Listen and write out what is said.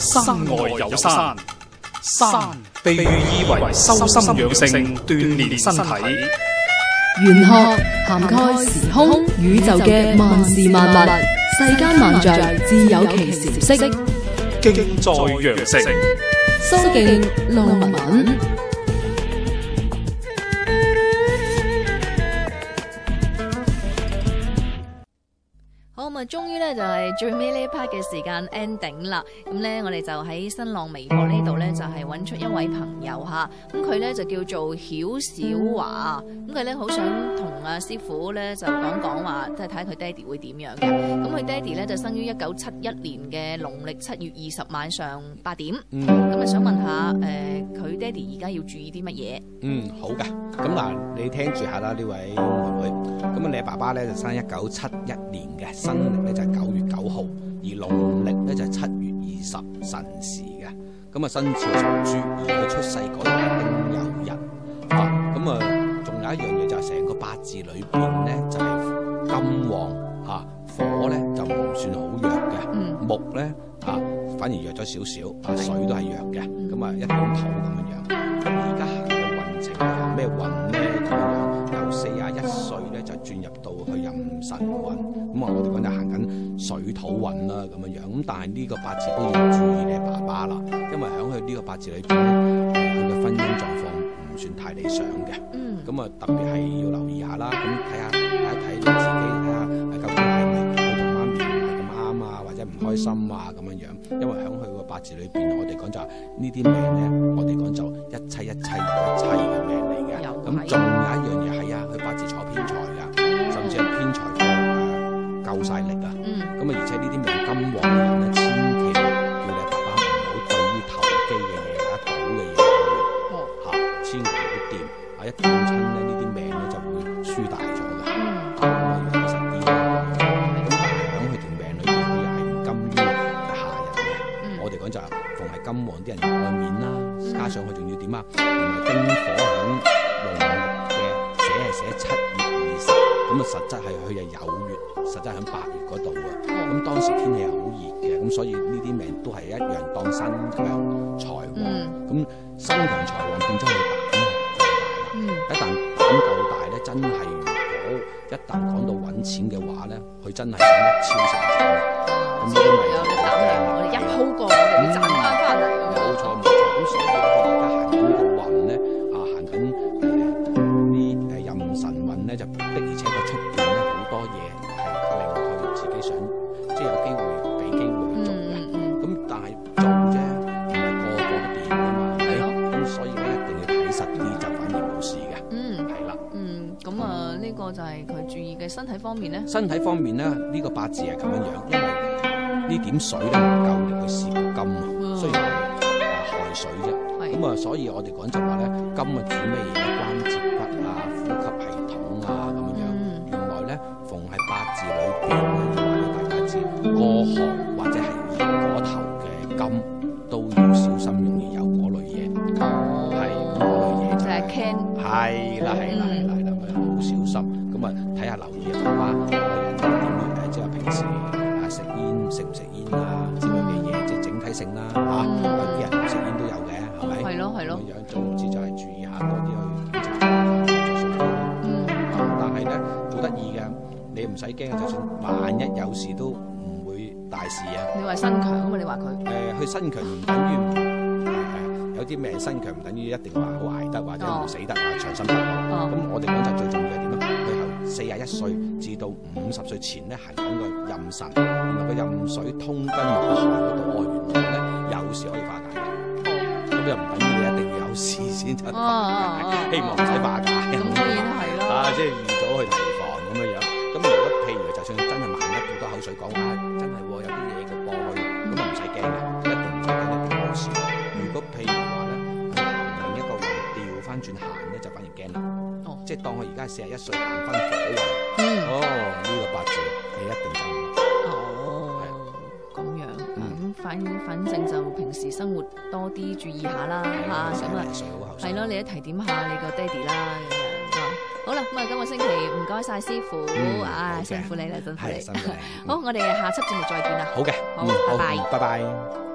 山外有山，山被喻意為修心養性、鍛煉身體。玄學涵蓋時空宇宙嘅萬事萬物，世間萬象自有其禪色。敬在羊城，蘇敬論文。咁啊，終於咧就係最尾呢一 part 嘅時間 ending 啦。咁咧，我哋就喺新浪微博呢度咧，就係揾出一位朋友吓。咁佢咧就叫做曉小華。咁佢咧好想同阿師傅咧就講講話，即係睇下佢爹哋會點樣嘅。咁佢爹哋咧就生於一九七一年嘅農曆七月二十晚上八點。咁啊，想問下誒。呃而家要注意啲乜嘢？嗯，好噶。咁嗱，你聽住下啦，呢位妹妹。咁啊，你爸爸咧就生一九七一年嘅，新曆咧就係九月九號，而農曆咧就係七月二十辰時嘅。咁啊，豬生肖屬豬，而佢出世嗰日丁酉日。啊，咁啊，仲有一樣嘢就係成個八字裏邊咧就係金旺，啊，火咧就唔算好弱嘅，嗯、木咧啊。反而弱咗少少，啊，水都係弱嘅，咁啊，一土咁樣，咁而家行嘅運程啊，咩運咧，咁樣由四啊一歲咧就轉入到去壬辰運，咁啊，我哋講就行緊水土運啦咁樣樣咁，但係呢個八字都要注意你爸爸啦，因為響佢呢個八字裏邊，佢嘅婚姻狀況唔算太理想嘅。嗯。咁啊，特別係要留意下啦，咁睇下。看看開心啊，咁樣樣，因為響佢個八字裏邊， 我哋講就話呢啲命咧，我哋講就一切一切一切嘅命嚟嘅。咁仲有一樣嘢係啊，佢八字坐偏財啊，甚至係偏財庫誒，夠晒力啊。咁啊、嗯，而且呢啲命金旺嘅人咧，千祈叫你爸爸唔好對於投機嘅嘢賭嘅嘢，吓，千祈唔掂。啊，一講親咧呢。講就係逢係金旺啲人愛面啦，加上佢仲要點啊？原來丁火響農曆嘅，寫係寫七月二十，咁啊實質係佢係酉月，實質響八月嗰度嘅。咁、哦、當時天氣係好熱嘅，咁所以呢啲命都係一樣當身，當身財旺，咁身強財旺變咗佢膽就大。嗯，一旦膽夠大咧，真係。一旦講到揾錢嘅話咧，佢真係想一超成千。咁呢啲咪叫膽量，我哋 一鋪過，我哋賺翻翻嚟咁樣。冇錯冇錯，咁所以咧，佢而家行緊個運咧，啊行緊誒、呃、呢誒壬辰運咧，就的而且確出斷咧好多嘢係令佢自己想，即係有機會。你睇實啲就反而冇事嘅，嗯，係啦了，嗯，咁啊呢、嗯、個就係佢注意嘅身體方面咧，身體方面咧呢、呢個八字係咁樣樣，因為呢點水咧唔夠力去泄金，啊，雖然係亥水啫，咁啊所以我哋講、嗯啊、就話咧金啊主咩嘢？關節骨啊、呼吸系統啊咁樣，嗯、原來咧逢係八字裏邊，我哋話俾大家知，過寒。嗯嗯平時啊食煙，食唔食煙啊，之類嘅嘢，即係整體性啦吓。有啲人唔食煙都有嘅，係咪？係咯，係咯。咁樣總之就係注意下多啲去檢查，咁但係咧做得意嘅，你唔使驚，就算萬一有事都唔會大事啊。你話新強啊嘛？你話佢？誒，佢身強唔等於，有啲咩新強唔等於一定話好挨得或者唔死得啊，長壽。咁我哋講就最四廿一歲至到五十歲前咧，係響個任神，原來個任水通根落去寒嗰度，原來咧有時可以化解嘅。咁又唔等於你一定要有事先得，希望唔使化解。咁當然係啦，啊，即係預早去提防咁樣樣。咁如果譬如就算真係萬一好多口水講話，真係有啲嘢。即係當我而家四十一歲行翻火運，哦，呢個八字你一定走。哦，咁樣咁反反正就平時生活多啲注意下啦，嚇咁啊，係咯，你一提點下你個爹哋啦咁樣。好啦，咁啊今個星期唔該晒師傅，啊，辛苦你啦，真係。好，我哋下集節目再見啦。好嘅，好，拜拜，拜拜。